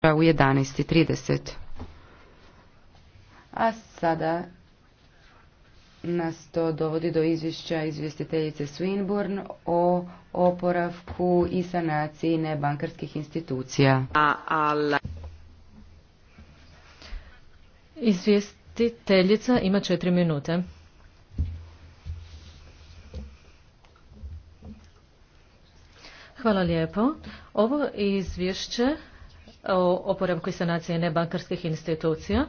Pa u 11.30. A sada nas to dovodi do izvješća izvjestiteljice Swinburne o oporavku i sanaciji nebankarskih institucija. Izvjestiteljica ima četiri minute. Hvala lijepo. Ovo izvješće o oporavku i sanaciji nebankarskih institucija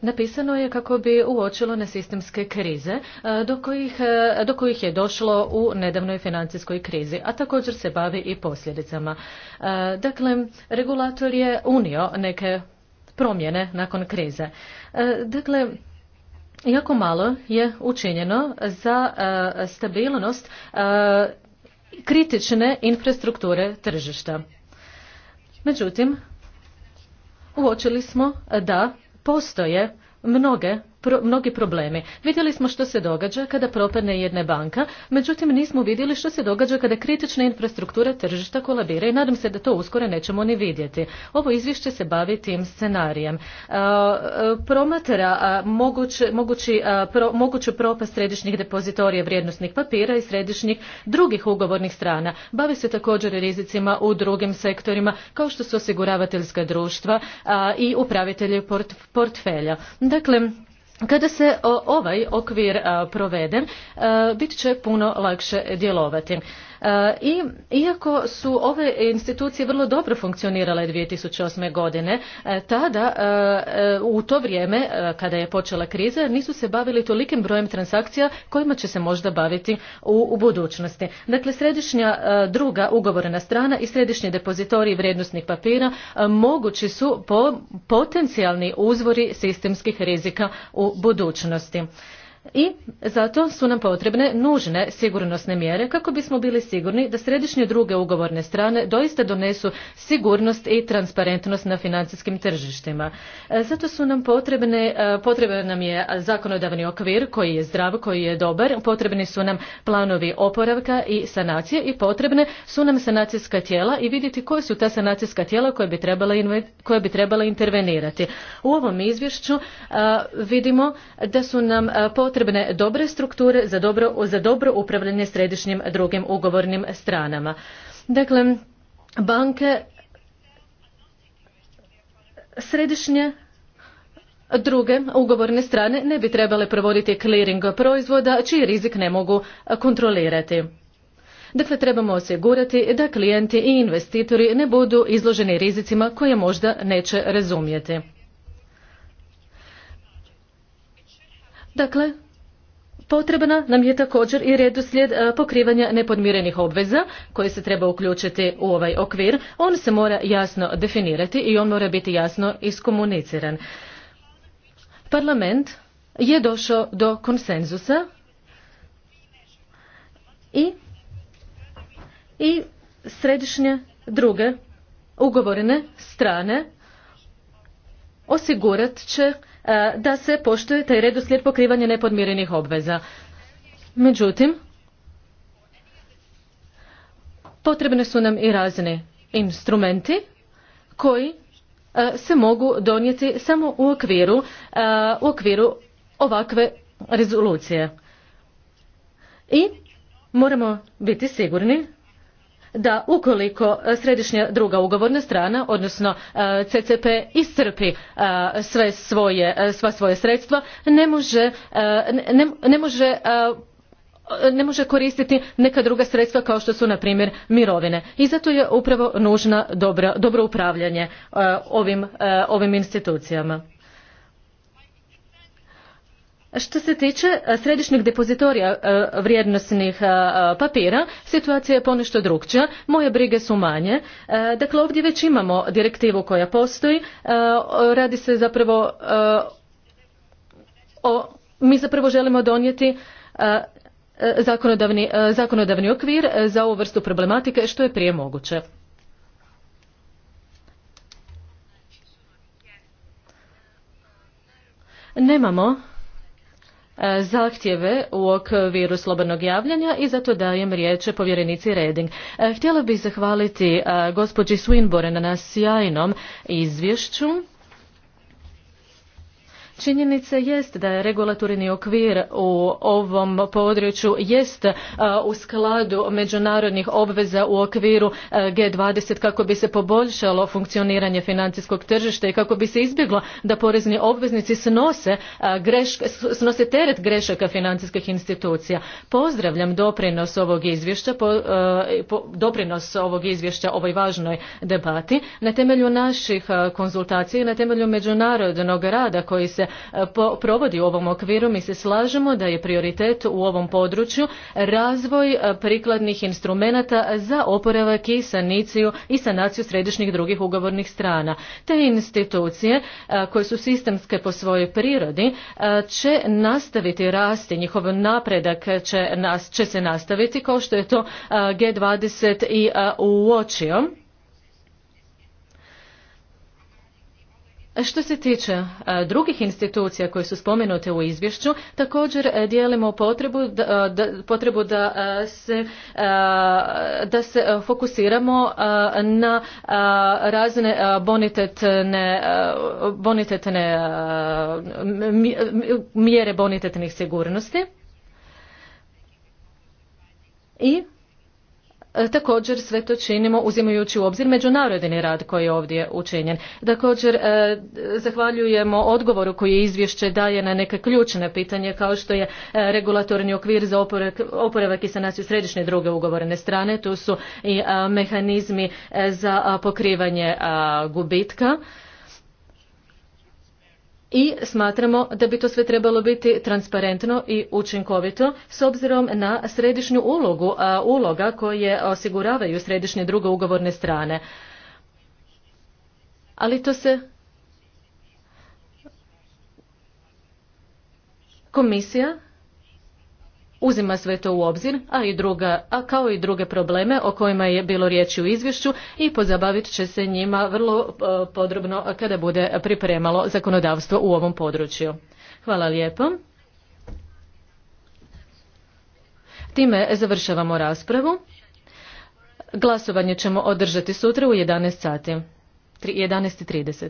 napisano je kako bi uočilo nesistemske krize do kojih, do kojih je došlo u nedavnoj financijskoj krizi, a također se bavi i posljedicama. Dakle, regulator je unio neke promjene nakon krize. Dakle, jako malo je učinjeno za stabilnost kritične infrastrukture tržišta. Međutim, uočili smo da postoje mnoge pro, mnogi problemi. Vidjeli smo što se događa kada propadne jedna banka, međutim nismo vidjeli što se događa kada kritična infrastruktura tržišta kolabira i nadam se da to uskoro nećemo ni vidjeti. Ovo izvješće se bavi tim scenarijem. A, promatra a, mogući, a, moguću propast središnjih depozitorija vrijednosnih papira i središnjih drugih ugovornih strana. Bavi se također rizicima u drugim sektorima kao što su osiguravateljska društva i upravitelji portfelja. Dakle, kada se ovaj okvir provede, bit će puno lakše djelovati. E, I iako su ove institucije vrlo dobro funkcionirale 2008. godine, e, tada e, u to vrijeme kada je počela kriza nisu se bavili tolikim brojem transakcija kojima će se možda baviti u, budućnosti. Dakle, središnja druga ugovorena strana i središnji depozitorij vrijednosnih papira mogući su potencijalni uzvori sistemskih rizika u budućnosti i zato su nam potrebne nužne sigurnosne mjere kako bismo bili sigurni da središnje druge ugovorne strane doista donesu sigurnost i transparentnost na financijskim tržištima. E, zato su nam potrebne, e, potreban nam je zakonodavni okvir koji je zdrav, koji je dobar, potrebni su nam planovi oporavka i sanacije i potrebne su nam sanacijska tijela i vidjeti koje su ta sanacijska tijela koja bi trebala, koje bi trebala intervenirati. U ovom izvješću e, vidimo da su nam potrebne potrebne dobre strukture za dobro, za dobro upravljanje središnjim drugim ugovornim stranama. Dakle, banke središnje druge ugovorne strane ne bi trebale provoditi clearing proizvoda čiji rizik ne mogu kontrolirati. Dakle, trebamo osigurati da klijenti i investitori ne budu izloženi rizicima koje možda neće razumjeti. Dakle, potrebna nam je također i redoslijed e, pokrivanja nepodmirenih obveza koje se treba uključiti u ovaj okvir. On se mora jasno definirati i on mora biti jasno iskomuniciran. Parlament je došao do konsenzusa i, i središnje druge ugovorene strane osigurat će E, da se poštuje taj redoslijed pokrivanja nepodmirenih obveza. Međutim, potrebne su nam i razni instrumenti koji e, se mogu donijeti samo u okviru, e, u okviru ovakve rezolucije. I moramo biti sigurni da ukoliko e, središnja druga ugovorna strana odnosno e, ccp iscrpi e, sve svoje, sva svoja sredstva ne može, koristiti neka druga sredstva kao što su na primjer mirovine i zato je upravo nužno dobro, dobro upravljanje ovim, ovim institucijama što se tiče e, središnjeg depozitorija e, vrijednosnih e, papira, situacija je ponešto drugčija, moje brige su manje. Dakle, ovdje već imamo direktivu koja postoji, radi se zapravo o, mi zapravo želimo donijeti zakonodavni, zakonodavni okvir za ovu vrstu problematike što je prije moguće. Nemamo E, zahtjeve u okviru slobodnog javljanja i zato dajem riječ povjerenici Reding. E, htjela bih zahvaliti e, gospođi Swinburne na sjajnom izvješću Činjenica jest da je regulatorni okvir u ovom području jest e, u skladu međunarodnih obveza u okviru e, G20 kako bi se poboljšalo funkcioniranje financijskog tržišta i kako bi se izbjeglo da porezni obveznici snose, e, greške snose teret grešaka financijskih institucija. Pozdravljam doprinos ovog izvješća, doprinos ovog izvješća ovoj važnoj debati na temelju naših konzultacija i na temelju međunarodnog rada koji se E, provodi u ovom okviru, mi se slažemo da je prioritet u ovom području razvoj e, prikladnih instrumenata za oporavak i saniciju i sanaciju središnjih drugih ugovornih strana. Te institucije e, koje su sistemske po svojoj prirodi će nastaviti rasti, njihov napredak će, nas, će se nastaviti kao što je to G20 i uočio Što se tiče e, drugih institucija koje su spomenute u izvješću, također e, dijelimo potrebu da, e, da, potrebu da se, da se fokusiramo na razne bonitetne, bonitetne mjere bonitetnih sigurnosti i E, također sve to činimo uzimajući u obzir međunarodni rad koji je ovdje učinjen. Također e, zahvaljujemo odgovoru koji izvješće daje na neke ključne pitanje kao što je e, regulatorni okvir za oporavak i sanaciju središnje druge ugovorene strane. Tu su i mehanizmi za pokrivanje gubitka i smatramo da bi to sve trebalo biti transparentno i učinkovito s obzirom na središnju ulogu, a uloga koje osiguravaju središnje druge ugovorne strane. Ali to se komisija uzima sve to u obzir, a i druga, a kao i druge probleme o kojima je bilo riječi u izvješću i pozabavit će se njima vrlo e, podrobno kada bude pripremalo zakonodavstvo u ovom području. Hvala lijepo. Time završavamo raspravu. Glasovanje ćemo održati sutra u 11 sati. 11.30.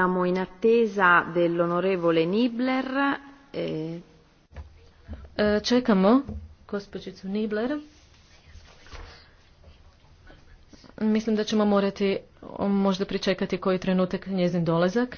Siamo in attesa dell'onorevole Nibler. Eh. Eh, čekamo gospođicu Nibler. Mislim da ćemo morati možda pričekati koji trenutak njezin dolazak.